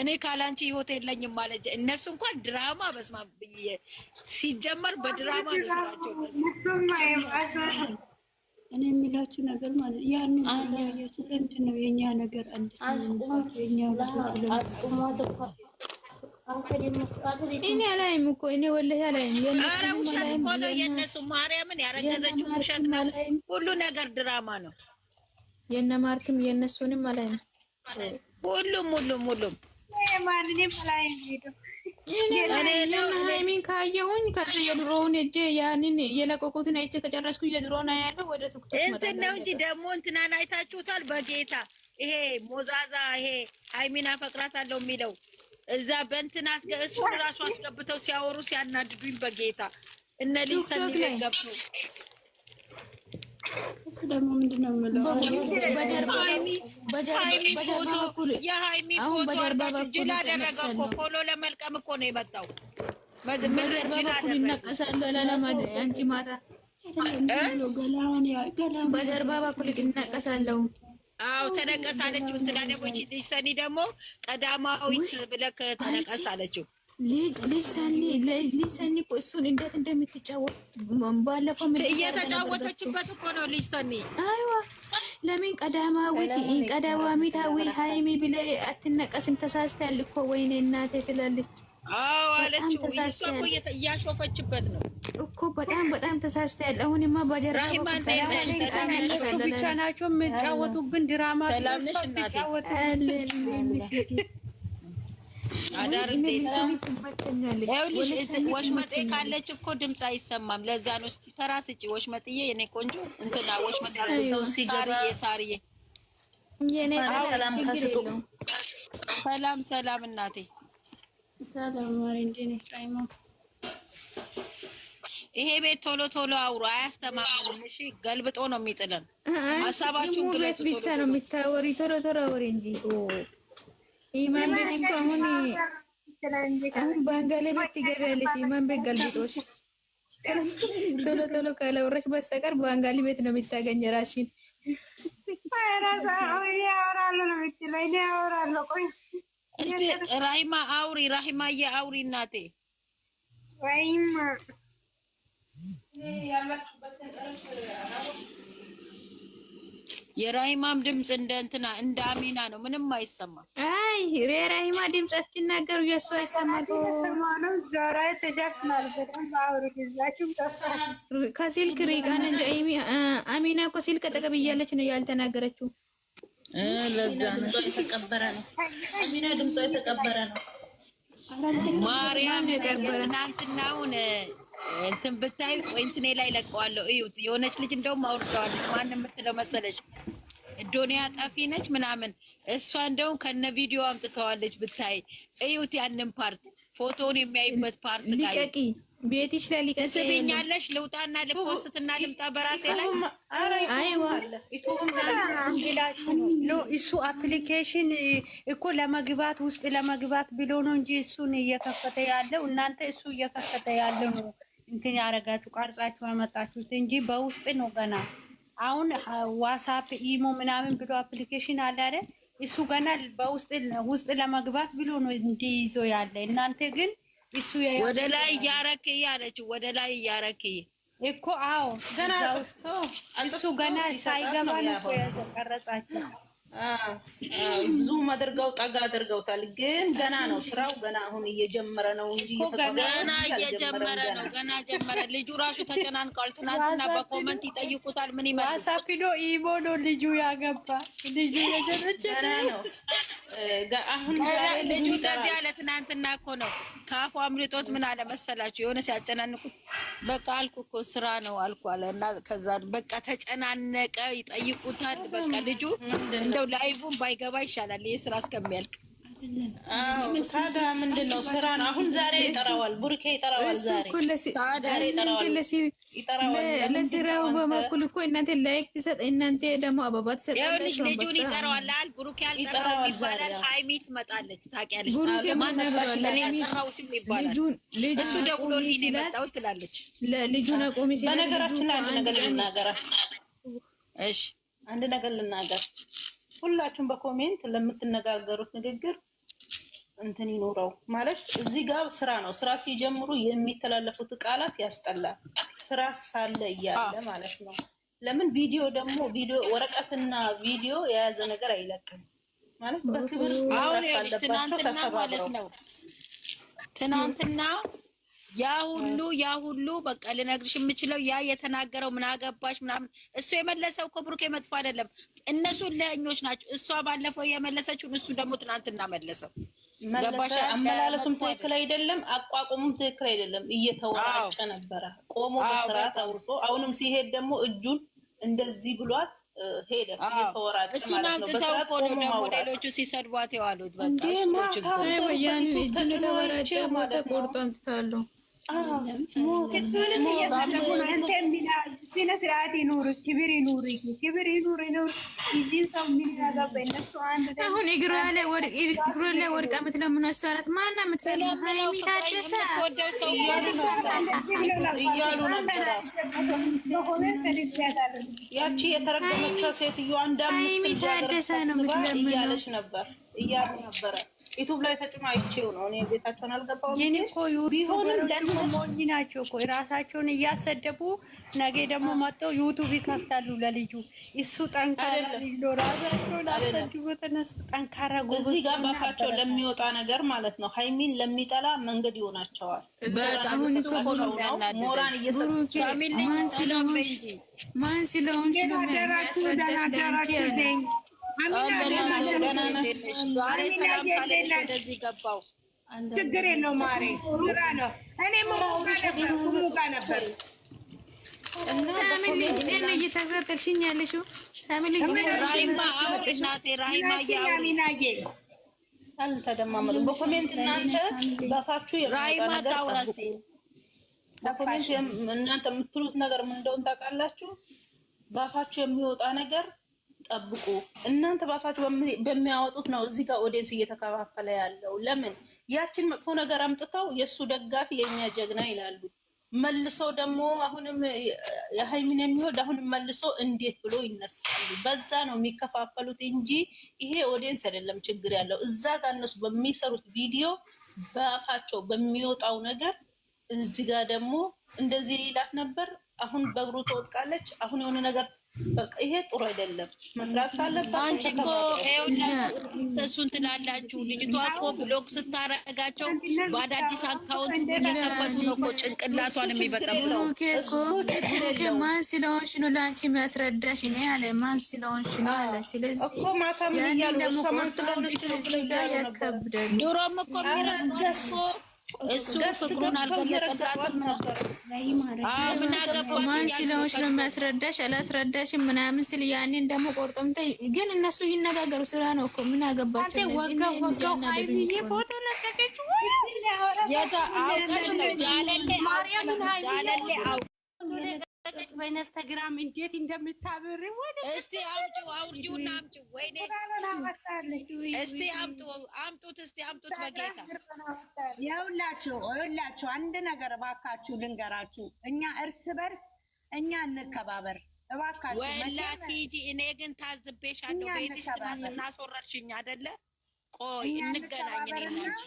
እኔ ካላንቺ ህይወት የለኝም ማለት እነሱ እንኳን ድራማ በስማ ሲጀመር በድራማ ነው ስራቸው። እኔ የሚላችሁ ነገር ማለት ያን ያያችሁ ለምንድን ነው የእኛ ነገር አዲስ እኔ አላይም እኮ እኔ ወላሂ አላይም። ኧረ ውሸት እኮ ነው የእነሱ። ማርያምን ያረገዘችው ውሸት ነው። ሁሉ ነገር ድራማ ነው። የእነ ማርክም የእነሱንም አላይም። ሁሉም ሁሉም ሁሉም ሃይሚን ካየሁኝ ከዚህ የድሮውን እጄ ያንን የለቀቁትን እጄ ከጨረስኩ የድሮውን ያለው ወደ ቲክቶክ እንትን ነው እንጂ ደግሞ እንትናን አይታችሁታል። በጌታ ይሄ ሞዛዛ ይሄ ሃይሚን አፈቅራታለሁ የሚለው እዛ በእንትን እሱ ራሱ አስገብተው ሲያወሩ ሲያናድዱኝ በጌታ እነ ሊሰሚ ገብቶ ደግሞ ምንድን ነው የምለው የሀይሚ ፎቶ ጅል እኮ ቆሎ ለመልቀም እኮ ነው የመጣው። በጀርባ በኩል ይነቀሳሉ አላለም አንቺ ማታ በጀርባ በኩል ይነቀሳለሁ። አዎ ተነቀሳለችው። እንትና ደግሞ ይቺ ልጅ ሰኒ ደግሞ ቀዳማዊት ብለህ ተነቀሳለችው። ልጅ ልጅ ሰኒ እኮ እሱን እንዴት እንደምትጫወት ባለፈው እየተጫወተችበት እኮ ነው። ልጅ ሰኒ አይዋ ለምን ቀዳማዊት ቀዳማዊታዊ ሀይሚ ብለ አትነቀስም? ተሳስተያል እኮ ወይኔ እናቴ ትላለች። አዎ አለችው። እሷ እኮ እያሾፈችበት ነው እኮ በጣም በጣም ተሳስተሃል። አሁንማ በጀርባ ብቻ ናቸው የምጫወቱ፣ ግን ድራማ ተጫወቱ ወሽመጤ ካለች እኮ ድምፅ አይሰማም። ለዛ ነው እስኪ ተራ ስጪ። ወሽመጥዬ የኔ ቆንጆ እንትና ወሽመጤ ሳርዬ ሳርዬ ሰላም ሰላም፣ እናቴ ይሄ ቤት ቶሎ ቶሎ አውሩ፣ አያስተማምንም። እሺ ገልብጦ ነው የሚጥለን። ሀሳባችሁን ግለጹ። ቶሎ ቶሎ አውሪ እንጂ ኢማን ቤት እኮ አሁን አሁን ባንጋሌ ቤት ትገቢያለሽ። ኢማን ቤት ገልብጦሽ ቶሎ ቶሎ ካላወራሽ በስተቀር ባንጋሌ ቤት ነው የምታገኝ ራሽን እስቲ ራሂማ አውሪ፣ ራሂማዬ አውሪ እናቴ ራሂማ የራሂማም ድምፅ እንደ እንትና እንደ አሚና ነው፣ ምንም አይሰማም። አይ ሬራ ሂማ የእሱ አይሰማል። ከስልክ እንጂ አሚና እኮ ስልክ እያለች ነው ያልተናገረችው። ለዛ ነው የተቀበረ ነው። እንትን ብታይ ቆይ እንትኔ ላይ ለቀዋለሁ። እዩት። የሆነች ልጅ እንደውም አውርደዋለች። ማን የምትለው መሰለች ዶኒያ ጠፊ ነች ምናምን። እሷ እንደውም ከነ ቪዲዮ አምጥተዋለች ብታይ እዩት። ያንን ፓርት ፎቶውን የሚያዩበት ፓርት ጋር ቤትሽ ላይ ሊቀቂ ስብኛለሽ። ልውጣና ልፖስትና ልምጣ በራሴ ላይ እሱ አፕሊኬሽን እኮ ለመግባት ውስጥ ለመግባት ብሎ ነው እንጂ እሱን እየከፈተ ያለው እናንተ እሱ እየከፈተ ያለው ነው እንትን ያረጋችሁ ቀርጻችሁ አመጣችሁት እንጂ በውስጥ ነው ገና አሁን ዋትሳፕ ኢሞ ምናምን ብሎ አፕሊኬሽን አለ አይደል? እሱ ገና በውስጥ ውስጥ ለመግባት ብሎ ነው እንዲይዞ ያለ። እናንተ ግን እሱ ወደ ላይ እያረክ ያለችው ወደ ላይ እያረክ እኮ አዎ፣ ገና እሱ ገና ሳይገባ ነው እኮ ብዙ አድርገው ጠጋ አድርገውታል። ግን ገና ነው ስራው ገና አሁን እየጀመረ ነው እንጂ ገና እየጀመረ ነው። ገና ጀመረ። ልጁ ራሱ ተጨናንቋል ትናንትና በኮመንት ይጠይቁታል። ምን ይመስል ኢሞ ነው ልጁ ያገባ ልጁ ልጁ እንደዚህ አለ። ትናንትና እኮ ነው ከአፉ አምልጦት ምን አለ መሰላችሁ? የሆነ ሲያጨናንቁት በቃ አልኩ እኮ ስራ ነው አልኩ አለ እና ከዛ በቃ ተጨናነቀ። ይጠይቁታል። በቃ ልጁ እንደው ላይቡን ባይገባ ይሻላል። ይህ ስራ እስከሚያልቅ ታዲያ ምንድን ነው ስራ ነው። አሁን ዛሬ ይጠራዋል፣ ቡርኬ ይጠራዋል፣ ለስራው በመኩል እኮ እናንተ ላይክ ትሰጥ፣ እናንተ ደግሞ አበባ ልጁን ይጠራዋል፣ አልጠራውም ይባላል። ሀይሚ ትመጣለች፣ ታውቂያለሽ። እሱ ደውሎልኝ ትላለች። ልጁን በነገራችን ላይ አንድ ነገር እሺ፣ አንድ ነገር ልናገር ሁላችሁም በኮሜንት ለምትነጋገሩት ንግግር እንትን ይኖረው ማለት እዚህ ጋር ስራ ነው። ስራ ሲጀምሩ የሚተላለፉት ቃላት ያስጠላል። ስራ ሳለ እያለ ማለት ነው። ለምን ቪዲዮ ደግሞ ቪዲዮ ወረቀትና ቪዲዮ የያዘ ነገር አይለቅም ማለት በክብር አሁን ትናንትና ማለት ነው ትናንትና ያ ሁሉ ያ ሁሉ በቃ ልነግርሽ የምችለው ያ የተናገረው ምን አገባሽ ምናምን እሱ የመለሰው እኮ ብሩኬ መጥፎ አይደለም። እነሱ ለእኞች ናቸው። እሷ ባለፈው የመለሰችውን እሱ ደግሞ ትናንትና መለሰው። አመላለሱም ትክክል አይደለም፣ አቋቁሙም ትክክል አይደለም። እየተወራጨ ነበረ። ቆሞ በስርዓት አውርቶ አሁንም ሲሄድ ደግሞ እጁን እንደዚህ ብሏት ሄደ እየተወራጨ ማለት ነው። ሲሰድቧት የዋሉት በቃ እሱ ችግር ተቆርጦ አምጥታለሁ ስርዓት ይኑር፣ ክብር ይኑር፣ ክብር አሁን እግሯ ላይ ወድቃ የምትለምነው እሷ ናት። ማነው የምትለምነው? ሀይሚ ታደሰ ያቺ የተረገመችው ሴትዮ አንድ አምስት እያለች ነበር እያሉ ነበረ ዩቱብ ላይ ተጭኖ አይቼው ነው። እኔ ቤታቸውን አልገባሁም። ግን እኮ ሞኝ ናቸው እኮ የራሳቸውን እያሰደቡ ነገ ደግሞ መጥተው ዩቱብ ይከፍታሉ ለልጁ። እሱ ጠንካራ ልጅ ራሳቸውን አሰድቦ ተነሱ። ጠንካራ ጎበዝ እዚህ ጋር ባፋቸው ለሚወጣ ነገር ማለት ነው። ሀይሚን ለሚጠላ መንገድ ይሆናቸዋል። ሞራን እየሰጡሚልኝ ስለሆን ስለሆን ስለሆን ችግር የለው ማሬ፣ ስራ ነው። እኔ ሙሙ ነበር እየተከታተልሽኝ ያለሽው አልተደማመጡም። እናንተ የምትሉት ነገር ምን እንደሆነ ታውቃላችሁ። በፋችሁ የሚወጣ ነገር ጠብቁ። እናንተ ባፋችሁ በሚያወጡት ነው እዚህ ጋር ኦዲየንስ እየተከፋፈለ ያለው። ለምን ያችን መጥፎ ነገር አምጥተው የእሱ ደጋፊ የእኛ ጀግና ይላሉ። መልሶ ደግሞ አሁንም የሃይሚን የሚወድ አሁንም መልሶ እንዴት ብሎ ይነሳሉ። በዛ ነው የሚከፋፈሉት እንጂ ይሄ ኦዲየንስ አይደለም ችግር ያለው እዛ ጋር እነሱ በሚሰሩት ቪዲዮ በአፋቸው በሚወጣው ነገር እዚህ ጋር ደግሞ እንደዚህ ይላት ነበር፣ አሁን በእግሩ ትወጥቃለች፣ አሁን የሆነ ነገር በቃ ይሄ ጥሩ አይደለም። መስራት ካለባት አንቺ እኮ ይኸውላችሁ እሱን ትላላችሁ። ልጅቷ እኮ ብሎክ ስታረጋቸው በአዳዲስ አካውንት እየከፈቱ ነው እኮ ጭንቅላቷን የሚበጠብጠው። ማን ስለሆንሽ ነው ለአንቺ የሚያስረዳሽ? እኔ አለ ማን ስለሆንሽ ነው አለ። ስለዚህ እኮ ማሳምን እያሉ ሰማን ስለሆነች ነው ብለ ያከብዳል። ድሮም እኮ የሚረግማት እኮ እሱ ፍቅሩን አልገለጸላትም ነበር። ማን ሲለውሽ ነው የሚያስረዳሽ? አላስረዳሽም ምናምን ደግሞ ቆርጦምተ ግን እነሱ ይነጋገሩ ስራ ነው እኮ ምን አገባቸው? እየተሳቀቀች በኢንስታግራም እንዴት እንደምታብር እስቲ አምጪው፣ አውርጂውና አምጪው። ወይኔ እስቲ አምጡ፣ አምጡት፣ እስቲ አምጡት። በጌታ ያውላችሁ፣ ያውላችሁ። አንድ ነገር እባካችሁ ልንገራችሁ። እኛ እርስ በርስ እኛ እንከባበር እባካችሁ። ወላሂ ሂጂ። እኔ ግን ታዝቤሻለሁ። ቤትሽ ትናንትና አስወረድሽኝ አይደለ? ቆይ እንገናኝ።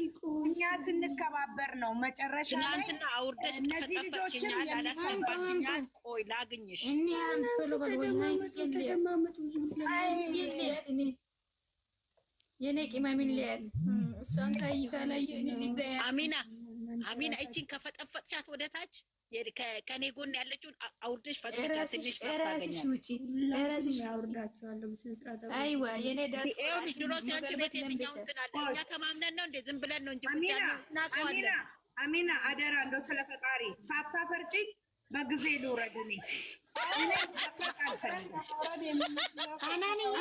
እኛ ስንከባበር ነው። መጨረሻ ትናንትና አውርደሽ ተጠፈችኛ ላላስገባሽኛ። ቆይ ላግኝሽ። የኔ እሷን ታይታ ላይ አሚና አሚና፣ እችን ከፈጠፈጥሻት ወደታች ከኔ ጎን ያለችውን አውርደሽ ፈትቻ ትንሽ እኛ ተማምነን ነው እንዴ? ዝም ብለን ነው እንጂ አሚና፣ አደራ እንደው ስለ ፈጣሪ ሳታፈርጪ በጊዜ ልውረድ።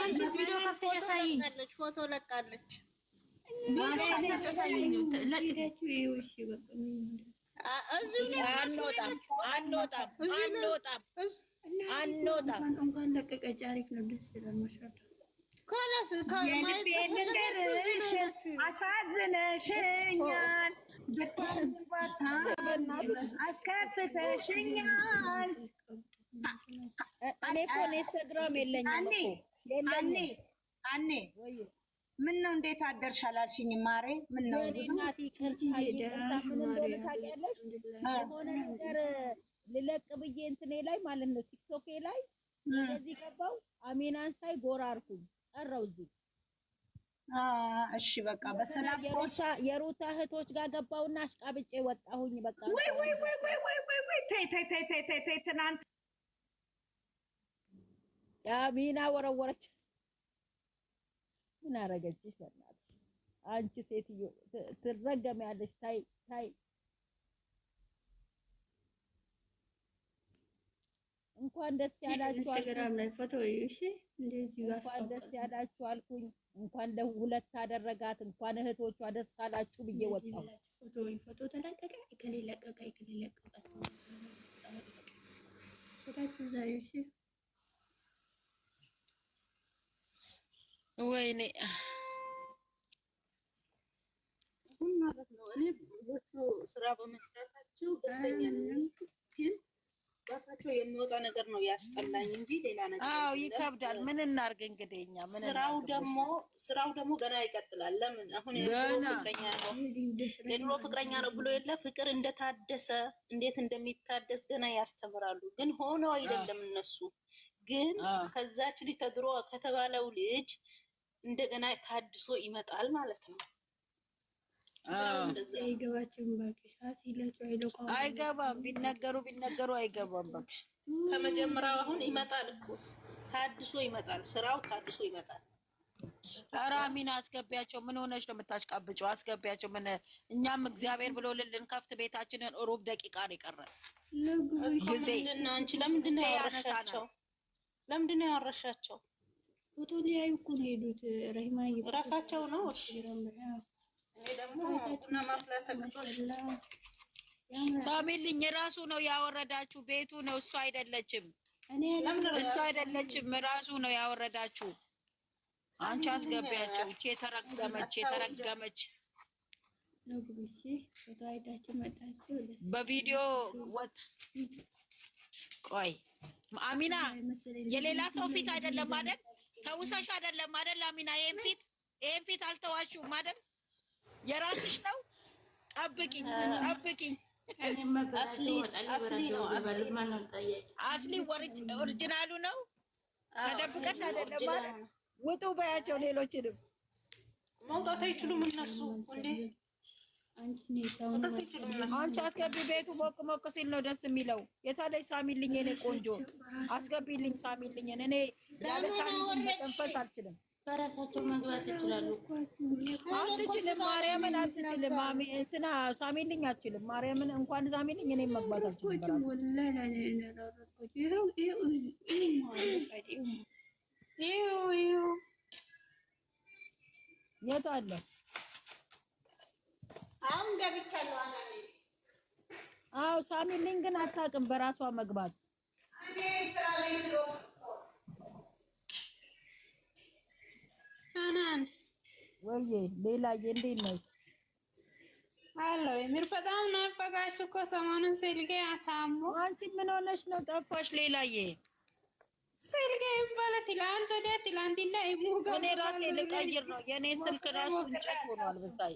አንቺ ቪዲዮ ከፍተሽ አሳይኝ። ፎቶ ለቃለች። አንወጣም አንወጣም አንወጣም አንወጣም። እንኳን ምን ነው እንዴት አደርሽ አላልሽኝ? ማሬ ምን ነው ታውቂያለሽ፣ የሆነ ነገር ልለቅ ብዬ እንትኔ ላይ ማለት ነው ቲክቶኬ ላይ እዚህ ገባው አሜናን ሳይ ጎራ አልኩኝ ጠራው እዚህ። እሺ በቃ በሰላም የሩታ እህቶች ጋር ገባውና አሽቃብጬ ወጣሁኝ። በቃ ወይ ወይ ወይ ወይ ወይ ወይ ወይ ተይ ተይ ተይ ተይ ተይ ትናንት አሜና ወረወረች። ምን አረገችሽ? በእናትሽ አንቺ ሴትዮ ትረገም ያለሽ ታይ ታይ። እንኳን ደስ ያላችሁ ኢንስታግራም ላይ ፎቶ እሺ፣ እንደዚህ እንኳን ደስ ያላችሁ አልኩኝ። እንኳን ለሁለት አደረጋት። እንኳን እህቶቿ ደስ አላችሁ ብዬ ወጣሁ። ፎቶ ፎቶ ተለቀቀ፣ ይከለ ለቀቀ፣ ይከለ ዛዩ እሺ ወይኔ አሁን ማለት ነው። እኔ ብዙዎቹ ስራ በመስራታቸው ደስተኛ ግን ባፋቸው የሚወጣ ነገር ነው ያስጠላኝ እንጂ ሌላ ነገር አዎ፣ ይከብዳል። ምን እናርግ እንግዲህ እኛ ምን ስራው ደግሞ ስራው ደግሞ ገና ይቀጥላል። ለምን አሁን የድሮ ፍቅረኛ ነው የድሮ ፍቅረኛ ነው ብሎ የለ ፍቅር እንደታደሰ እንዴት እንደሚታደስ ገና ያስተምራሉ። ግን ሆኖ አይደለም እነሱ ግን ከዛች ልጅ ተድሮ ከተባለው ልጅ እንደገና ታድሶ ይመጣል ማለት ነው። አይገባቸውም። እባክሽ አይገባም። ቢነገሩ ቢነገሩ አይገባም። እባክሽ ከመጀመሪያው አሁን ይመጣል እኮ ታድሶ ይመጣል፣ ስራው ታድሶ ይመጣል። ኧረ አሚና አስገቢያቸው። ምን ሆነሽ ነው የምታሽቃብጪው? አስገቢያቸው። ምን እኛም እግዚአብሔር ብሎ ከፍት ቤታችንን ሩብ ደቂቃ ነው የቀረን ጊዜ። ለምንድን ነው ያረሻቸው? ለምንድን ነው ያረሻቸው? ፎቶ ሊያዩ እኮ ነው የሄዱት። ረሂማ ራሳቸው ነው። እሺ ሳሚልኝ ራሱ ነው ያወረዳችሁ። ቤቱ ነው እሱ አይደለችም፣ እሱ አይደለችም። ራሱ ነው ያወረዳችሁ። አንቺ አስገቢያቸው። እቺ የተረገመች የተረገመች በቪዲዮ ወጥ ቆይ አሚና የሌላ ሰው ፊት አይደለም አይደል? ተውሰሽ አይደለም አይደል? አሚና ይሄን ፊት ይሄን ፊት አልተዋሽውም አይደል? የራስሽ ነው። ጠብቂኝ ጠብቂኝ። አስሊ ኦሪጂናሉ ነው። ተደብቀሽ አይደለም ማለት ውጡ በያቸው። ሌሎችንም መውጣት አይችሉም እነሱ እንዴ አንቺ አስገቢ። ቤቱ ሞቅ ሞቅ ሲል ነው ደስ የሚለው። የታለች ሳሚልኝ፣ እኔ ቆንጆ አስገቢልኝ፣ ሳሚልኝ። እኔ ያለ ሳሚልኝ መጠንፈስ አልችልም። በራሳቸው መግባት ይችላሉ። አልችልም፣ ማርያምን አልችልም። እንትና ሳሚልኝ አትችልም። ማርያምን እንኳን ሳሚልኝ፣ እኔ መግባት አልችልም። የት አለ አሁን ገብቻለሁ። አናኔ አዎ፣ ግን አታውቅም በራሷ መግባት። እኔ ስራ ላይ ስለሆንኩ አናን ወይዬ፣ ሌላዬ እንዴት ነሽ? አለሁ የሚል በጣም ናፈቃችሁ እኮ ሰሞኑን አታሞ። አንቺ ምን ሆነሽ ነው ጠፋሽ? ሌላዬ ስልጌ ይባለ ትላንት ወዲያ ትላንትና ይሙጋ እኔ ራሴ ልቀይር ነው የእኔ ስልክ ራሱ እንጨት ሆኗል ብታይ